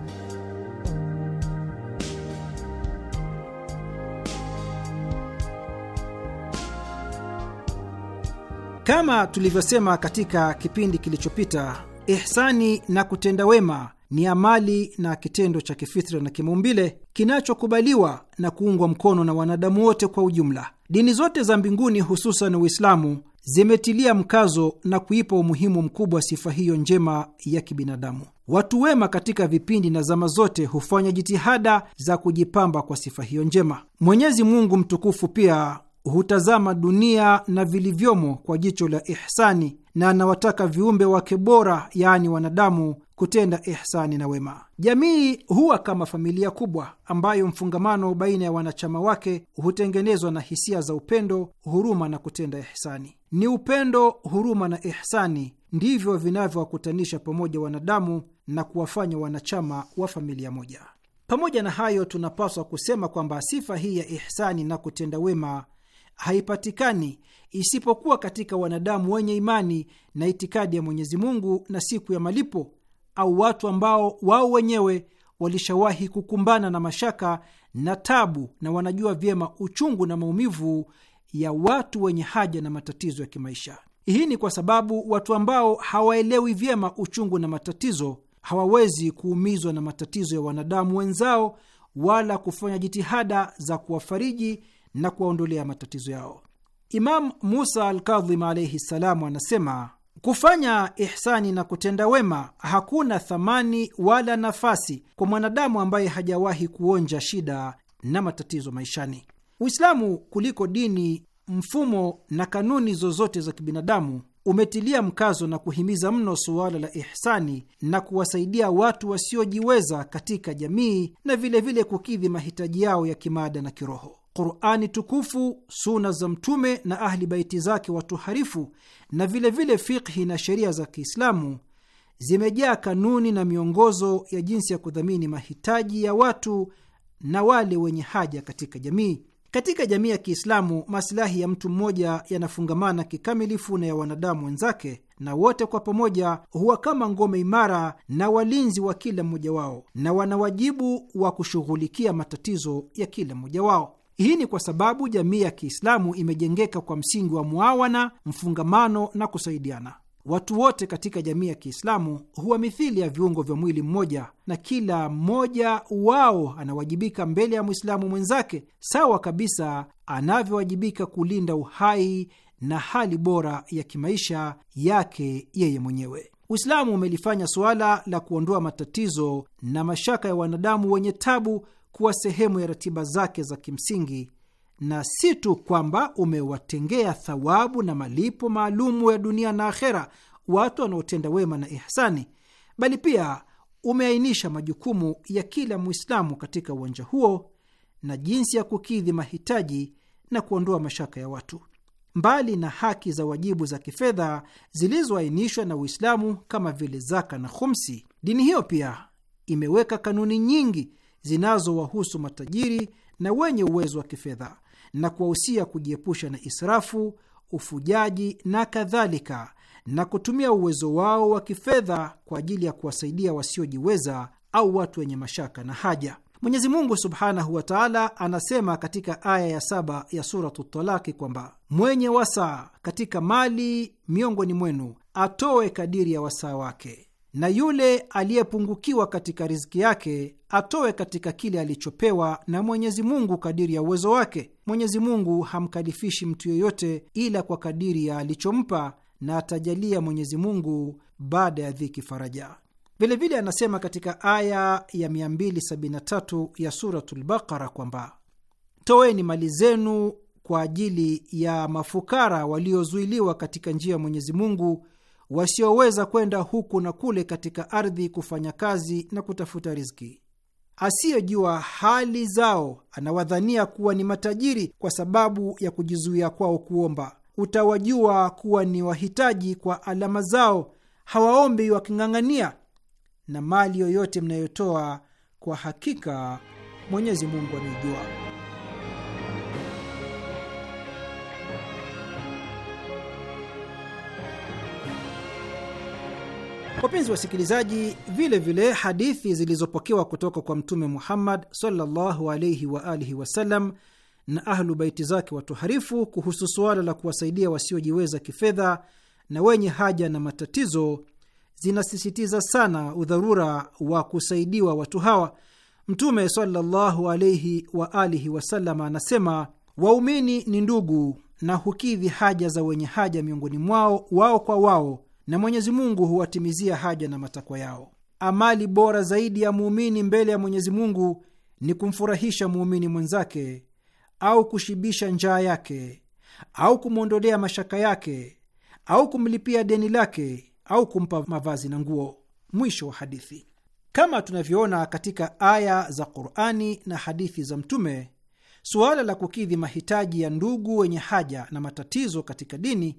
Kama tulivyosema katika kipindi kilichopita, ihsani na kutenda wema ni amali na kitendo cha kifitra na kimaumbile kinachokubaliwa na kuungwa mkono na wanadamu wote kwa ujumla. Dini zote za mbinguni, hususan Uislamu, zimetilia mkazo na kuipa umuhimu mkubwa sifa hiyo njema ya kibinadamu. Watu wema katika vipindi na zama zote hufanya jitihada za kujipamba kwa sifa hiyo njema. Mwenyezi Mungu mtukufu pia hutazama dunia na vilivyomo kwa jicho la ihsani na anawataka viumbe wake bora, yaani wanadamu, kutenda ihsani na wema. Jamii huwa kama familia kubwa ambayo mfungamano baina ya wanachama wake hutengenezwa na hisia za upendo, huruma na kutenda ihsani. Ni upendo, huruma na ihsani ndivyo vinavyowakutanisha pamoja wanadamu na kuwafanya wanachama wa familia moja. Pamoja na hayo, tunapaswa kusema kwamba sifa hii ya ihsani na kutenda wema haipatikani isipokuwa katika wanadamu wenye imani na itikadi ya Mwenyezi Mungu na siku ya malipo au watu ambao wao wenyewe walishawahi kukumbana na mashaka na tabu na wanajua vyema uchungu na maumivu ya watu wenye haja na matatizo ya kimaisha. Hii ni kwa sababu watu ambao hawaelewi vyema uchungu na matatizo hawawezi kuumizwa na matatizo ya wanadamu wenzao wala kufanya jitihada za kuwafariji na kuwaondolea matatizo yao. Imam Musa Alkadhim alaihi ssalamu anasema Kufanya ihsani na kutenda wema hakuna thamani wala nafasi kwa mwanadamu ambaye hajawahi kuonja shida na matatizo maishani. Uislamu, kuliko dini, mfumo na kanuni zozote za kibinadamu, umetilia mkazo na kuhimiza mno suala la ihsani na kuwasaidia watu wasiojiweza katika jamii na vilevile vile kukidhi mahitaji yao ya kimaada na kiroho. Qurani tukufu, suna za Mtume na ahli baiti zake watuharifu na vilevile fikhi na sheria za Kiislamu zimejaa kanuni na miongozo ya jinsi ya kudhamini mahitaji ya watu na wale wenye haja katika jamii. Katika jamii ya Kiislamu, masilahi ya mtu mmoja yanafungamana kikamilifu na ya wanadamu wenzake, na wote kwa pamoja huwa kama ngome imara na walinzi wa kila mmoja wao, na wana wajibu wa kushughulikia matatizo ya kila mmoja wao. Hii ni kwa sababu jamii ya Kiislamu imejengeka kwa msingi wa muawana, mfungamano na kusaidiana. Watu wote katika jamii ya Kiislamu huwa mithili ya viungo vya mwili mmoja, na kila mmoja wao anawajibika mbele ya mwislamu mwenzake sawa kabisa anavyowajibika kulinda uhai na hali bora ya kimaisha yake yeye mwenyewe. Uislamu umelifanya suala la kuondoa matatizo na mashaka ya wanadamu wenye tabu kuwa sehemu ya ratiba zake za kimsingi, na si tu kwamba umewatengea thawabu na malipo maalumu ya dunia na akhera watu wanaotenda wema na ihsani, bali pia umeainisha majukumu ya kila Mwislamu katika uwanja huo na jinsi ya kukidhi mahitaji na kuondoa mashaka ya watu. Mbali na haki za wajibu za kifedha zilizoainishwa na Uislamu kama vile zaka na khumsi, dini hiyo pia imeweka kanuni nyingi zinazowahusu matajiri na wenye uwezo wa kifedha na kuwahusia kujiepusha na israfu, ufujaji na kadhalika, na kutumia uwezo wao wa kifedha kwa ajili ya kuwasaidia wasiojiweza au watu wenye mashaka na haja. Mwenyezi Mungu subhanahu wa taala anasema katika aya ya saba ya Suratu Talaki kwamba mwenye wasaa katika mali miongoni mwenu atoe kadiri ya wasaa wake na yule aliyepungukiwa katika riziki yake atowe katika kile alichopewa na Mwenyezi Mungu kadiri ya uwezo wake. Mwenyezi Mungu hamkalifishi mtu yoyote ila kwa kadiri ya alichompa, na atajalia Mwenyezi Mungu baada ya dhiki faraja. Vilevile anasema katika aya ya 273 ya Suratul Baqara kwamba toweni mali zenu kwa ajili ya mafukara waliozuiliwa katika njia ya Mwenyezi Mungu wasioweza kwenda huku na kule katika ardhi kufanya kazi na kutafuta riziki. Asiyejua hali zao anawadhania kuwa ni matajiri kwa sababu ya kujizuia kwao kuomba. Utawajua kuwa ni wahitaji kwa alama zao, hawaombi waking'ang'ania, na mali yoyote mnayotoa kwa hakika Mwenyezi Mungu anaijua. Wapenzi wasikilizaji, vile vile hadithi zilizopokewa kutoka kwa Mtume Muhammad sallallahu alaihi wa alihi wasallam na Ahlu Baiti zake watuharifu kuhusu suala la kuwasaidia wasiojiweza kifedha na wenye haja na matatizo zinasisitiza sana udharura wa kusaidiwa watu hawa. Mtume sallallahu alaihi wa alihi wasallam anasema, waumini ni ndugu na hukidhi haja za wenye haja miongoni mwao wao kwa wao na Mwenyezi Mungu huwatimizia haja na matakwa yao. Amali bora zaidi ya muumini mbele ya Mwenyezi Mungu ni kumfurahisha muumini mwenzake au kushibisha njaa yake au kumwondolea mashaka yake au kumlipia deni lake au kumpa mavazi na nguo. Mwisho wa hadithi. Kama tunavyoona katika aya za Qur'ani na hadithi za Mtume, suala la kukidhi mahitaji ya ndugu wenye haja na matatizo katika dini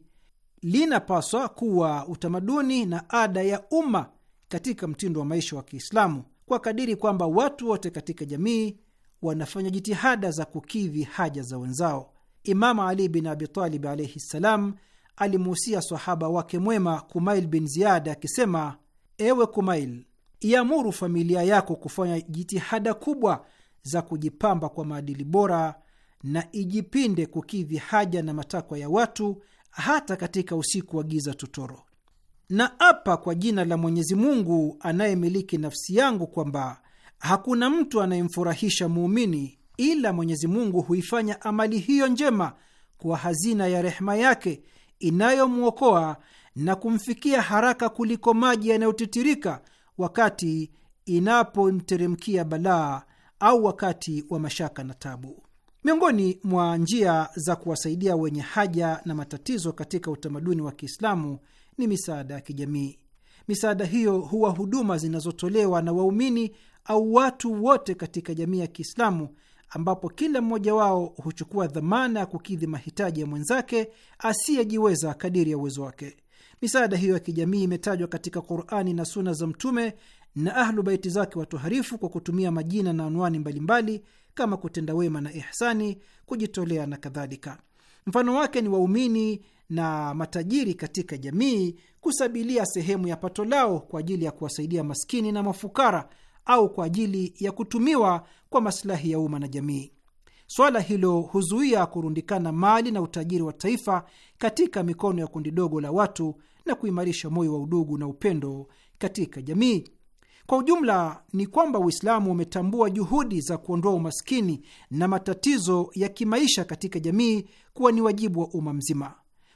linapaswa kuwa utamaduni na ada ya umma katika mtindo wa maisha wa Kiislamu kwa kadiri kwamba watu wote katika jamii wanafanya jitihada za kukidhi haja za wenzao. Imamu Ali bin Abitalib alaihi ssalam alimuhusia sahaba wake mwema Kumail bin Ziyada akisema: ewe Kumail, iamuru familia yako kufanya jitihada kubwa za kujipamba kwa maadili bora na ijipinde kukidhi haja na matakwa ya watu hata katika usiku wa giza totoro. Na apa kwa jina la Mwenyezi Mungu anayemiliki nafsi yangu kwamba hakuna mtu anayemfurahisha muumini ila Mwenyezi Mungu huifanya amali hiyo njema kuwa hazina ya rehema yake inayomwokoa na kumfikia haraka kuliko maji yanayotitirika wakati inapomteremkia balaa au wakati wa mashaka na tabu. Miongoni mwa njia za kuwasaidia wenye haja na matatizo katika utamaduni wa Kiislamu ni misaada ya kijamii. Misaada hiyo huwa huduma zinazotolewa na waumini au watu wote katika jamii ya Kiislamu, ambapo kila mmoja wao huchukua dhamana ya kukidhi mahitaji ya mwenzake asiyejiweza kadiri ya uwezo wake. Misaada hiyo ya kijamii imetajwa katika Qurani na Suna za Mtume na Ahlu Baiti zake watoharifu kwa kutumia majina na anwani mbalimbali kama kutenda wema na ihsani, kujitolea na kadhalika. Mfano wake ni waumini na matajiri katika jamii kusabilia sehemu ya pato lao kwa ajili ya kuwasaidia maskini na mafukara au kwa ajili ya kutumiwa kwa masilahi ya umma na jamii. Swala hilo huzuia kurundikana mali na utajiri wa taifa katika mikono ya kundi dogo la watu na kuimarisha moyo wa udugu na upendo katika jamii. Kwa ujumla ni kwamba Uislamu umetambua juhudi za kuondoa umaskini na matatizo ya kimaisha katika jamii kuwa ni wajibu wa umma mzima.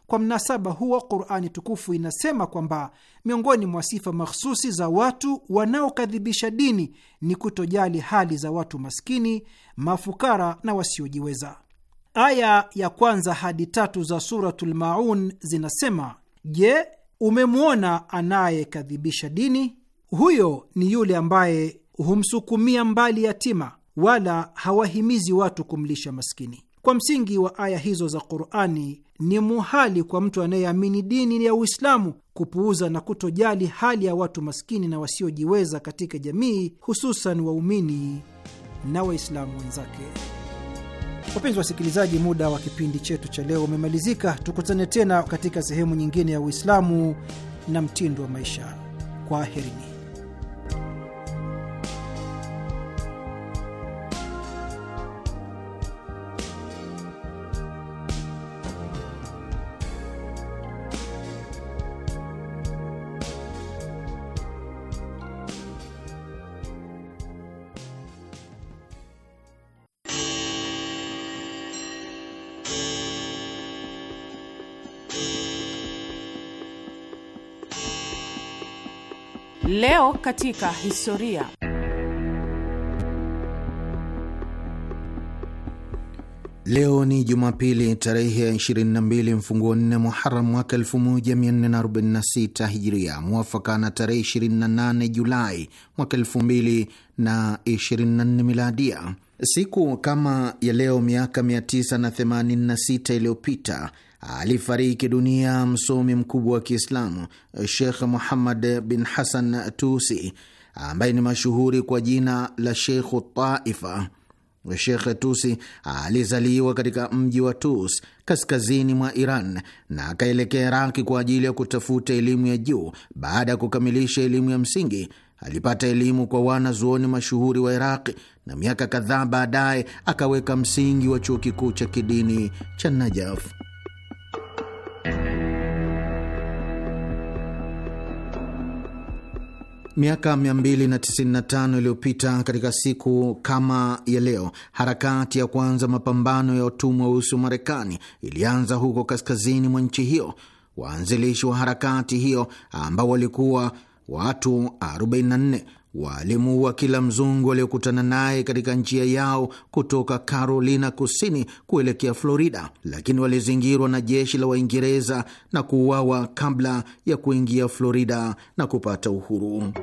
Kwa mnasaba huo, Qurani tukufu inasema kwamba miongoni mwa sifa mahsusi za watu wanaokadhibisha dini ni kutojali hali za watu maskini, mafukara na wasiojiweza. Aya ya kwanza hadi tatu za Suratul Maun zinasema: Je, umemwona anayekadhibisha dini huyo ni yule ambaye humsukumia mbali yatima, wala hawahimizi watu kumlisha maskini. Kwa msingi wa aya hizo za Qur'ani, ni muhali kwa mtu anayeamini dini ya Uislamu kupuuza na kutojali hali ya watu maskini na wasiojiweza katika jamii, hususan waumini na Waislamu wenzake. Wapenzi wasikilizaji, muda wa kipindi chetu cha leo umemalizika. Tukutane tena katika sehemu nyingine ya Uislamu na mtindo wa maisha. Kwaherini. Leo katika historia. Leo ni Jumapili tarehe ya 22 mfunguo 4 Muharam mwaka 1446 Hijiria, mwafaka na tarehe 28 Julai mwaka 2024 Miladia. Siku kama ya leo miaka 986 iliyopita alifariki dunia msomi mkubwa wa Kiislamu Shekh Muhammad bin Hasan Tusi ambaye ni mashuhuri kwa jina la shekhu Taifa. Shekh Tusi alizaliwa katika mji wa Tus kaskazini mwa Iran na akaelekea Iraki kwa ajili ya kutafuta elimu ya juu. Baada ya kukamilisha elimu ya msingi, alipata elimu kwa wanazuoni mashuhuri wa Iraqi na miaka kadhaa baadaye akaweka msingi wa chuo kikuu cha kidini cha Najaf. Miaka 295 iliyopita katika siku kama ya leo, harakati ya kwanza mapambano ya watumwa weusi wa Marekani ilianza huko kaskazini mwa nchi hiyo. Waanzilishi wa harakati hiyo ambao walikuwa watu 44 Waalimuua kila mzungu waliokutana naye katika njia yao kutoka Carolina Kusini kuelekea Florida, lakini walizingirwa na jeshi la Waingereza na kuuawa kabla ya kuingia Florida na kupata uhuru.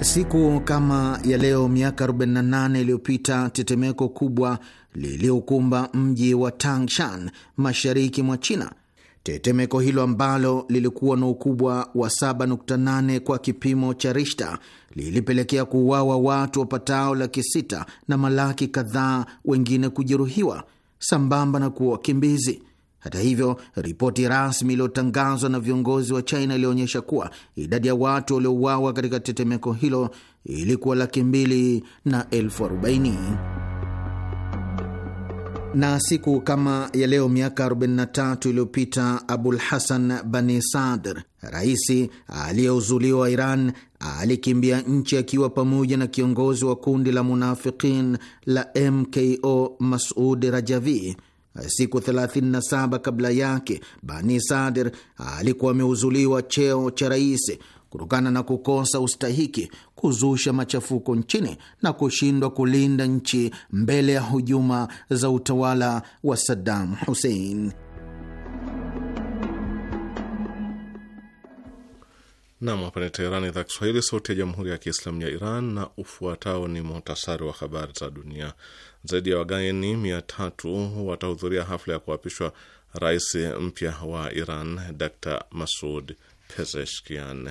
Siku kama ya leo miaka 48 iliyopita tetemeko kubwa liliokumba mji wa Tangshan mashariki mwa China Tetemeko hilo ambalo lilikuwa na ukubwa wa 7.8 kwa kipimo cha Rishta lilipelekea kuuawa watu wapatao laki sita na malaki kadhaa wengine kujeruhiwa sambamba na kuwa wakimbizi. Hata hivyo, ripoti rasmi iliyotangazwa na viongozi wa China ilionyesha kuwa idadi ya watu waliouawa katika tetemeko hilo ilikuwa laki mbili na elfu arobaini. Na siku kama ya leo miaka 43 iliyopita Abul Hasan Bani Sadr, raisi aliyeuzuliwa Iran, alikimbia nchi akiwa pamoja na kiongozi wa kundi la munafikin la MKO Masud Rajavi. Siku 37 kabla yake, Bani Sadr alikuwa ameuzuliwa cheo cha rais kutokana na kukosa ustahiki, kuzusha machafuko nchini na kushindwa kulinda nchi mbele ya hujuma za utawala wa Saddam Hussein. Nam, hapa ni Teheran, idhaa Kiswahili, sauti ya jamhuri ya kiislamu ya Iran. Na ufuatao ni muhtasari wa habari za dunia. Zaidi ya wageni mia tatu watahudhuria hafla ya kuapishwa rais mpya wa Iran, Dr Masud Pezeshkian.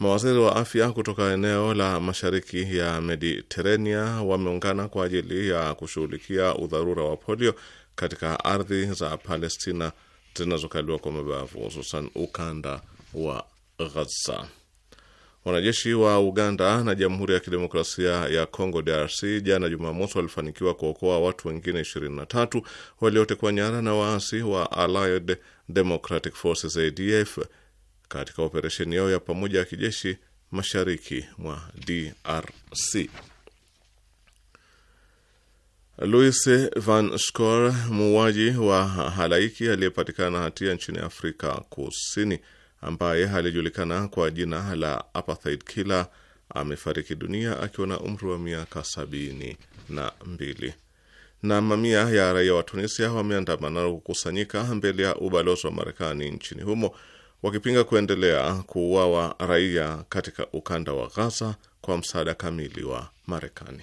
Mawaziri wa afya kutoka eneo la mashariki ya Mediterania wameungana kwa ajili ya kushughulikia udharura wa polio katika ardhi za Palestina zinazokaliwa kwa mabavu, hususan ukanda wa Ghaza. Wanajeshi wa Uganda na Jamhuri ya Kidemokrasia ya Kongo, DRC, jana Jumamosi walifanikiwa kuokoa watu wengine 23 waliotekwa nyara na waasi wa Allied Democratic Forces, ADF katika operesheni yao ya pamoja ya kijeshi mashariki mwa DRC. Louis Van Schoor, muuaji wa halaiki aliyepatikana na hatia nchini Afrika Kusini, ambaye alijulikana kwa jina la apartheid killer, amefariki dunia akiwa na umri wa miaka sabini na mbili. Na mamia ya raia wa Tunisia wameandamana kukusanyika mbele ya ubalozi wa Marekani nchini humo wakipinga kuendelea kuuawa raia katika ukanda wa Ghaza kwa msaada kamili wa Marekani.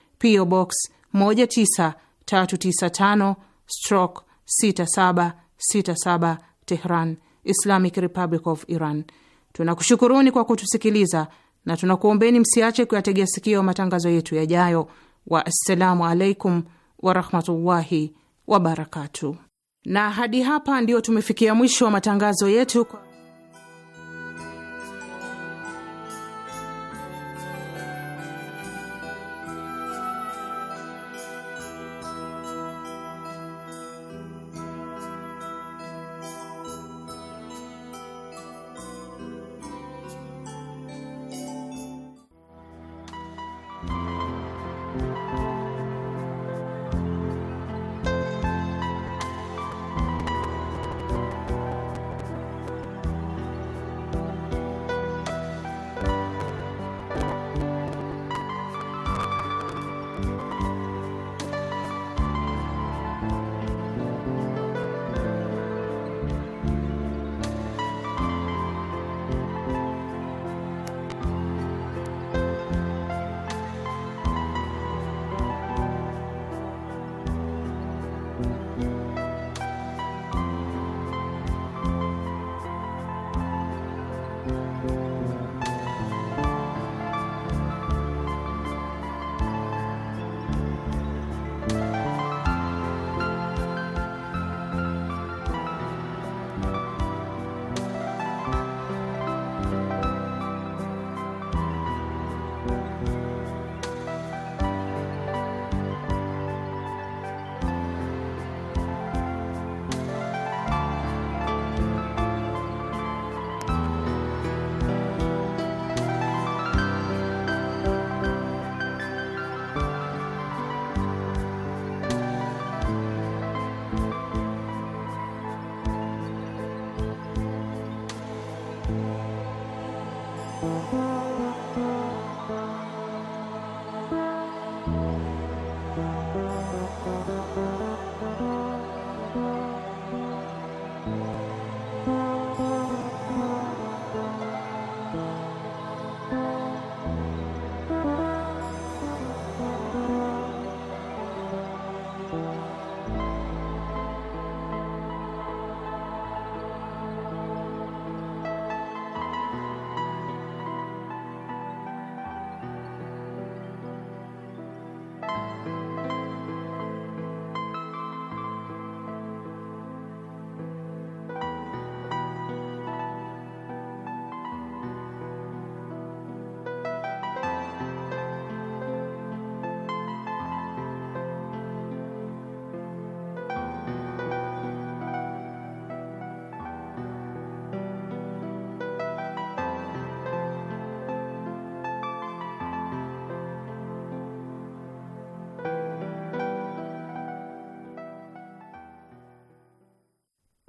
PO Box 19395 stroke 6767 Tehran, Islamic Republic of Iran. Tunakushukuruni kwa kutusikiliza na tunakuombeni msiache kuyategea sikio matangazo yetu yajayo. Wa assalamu alaikum warahmatullahi wabarakatu. Na hadi hapa ndiyo tumefikia mwisho wa matangazo yetu.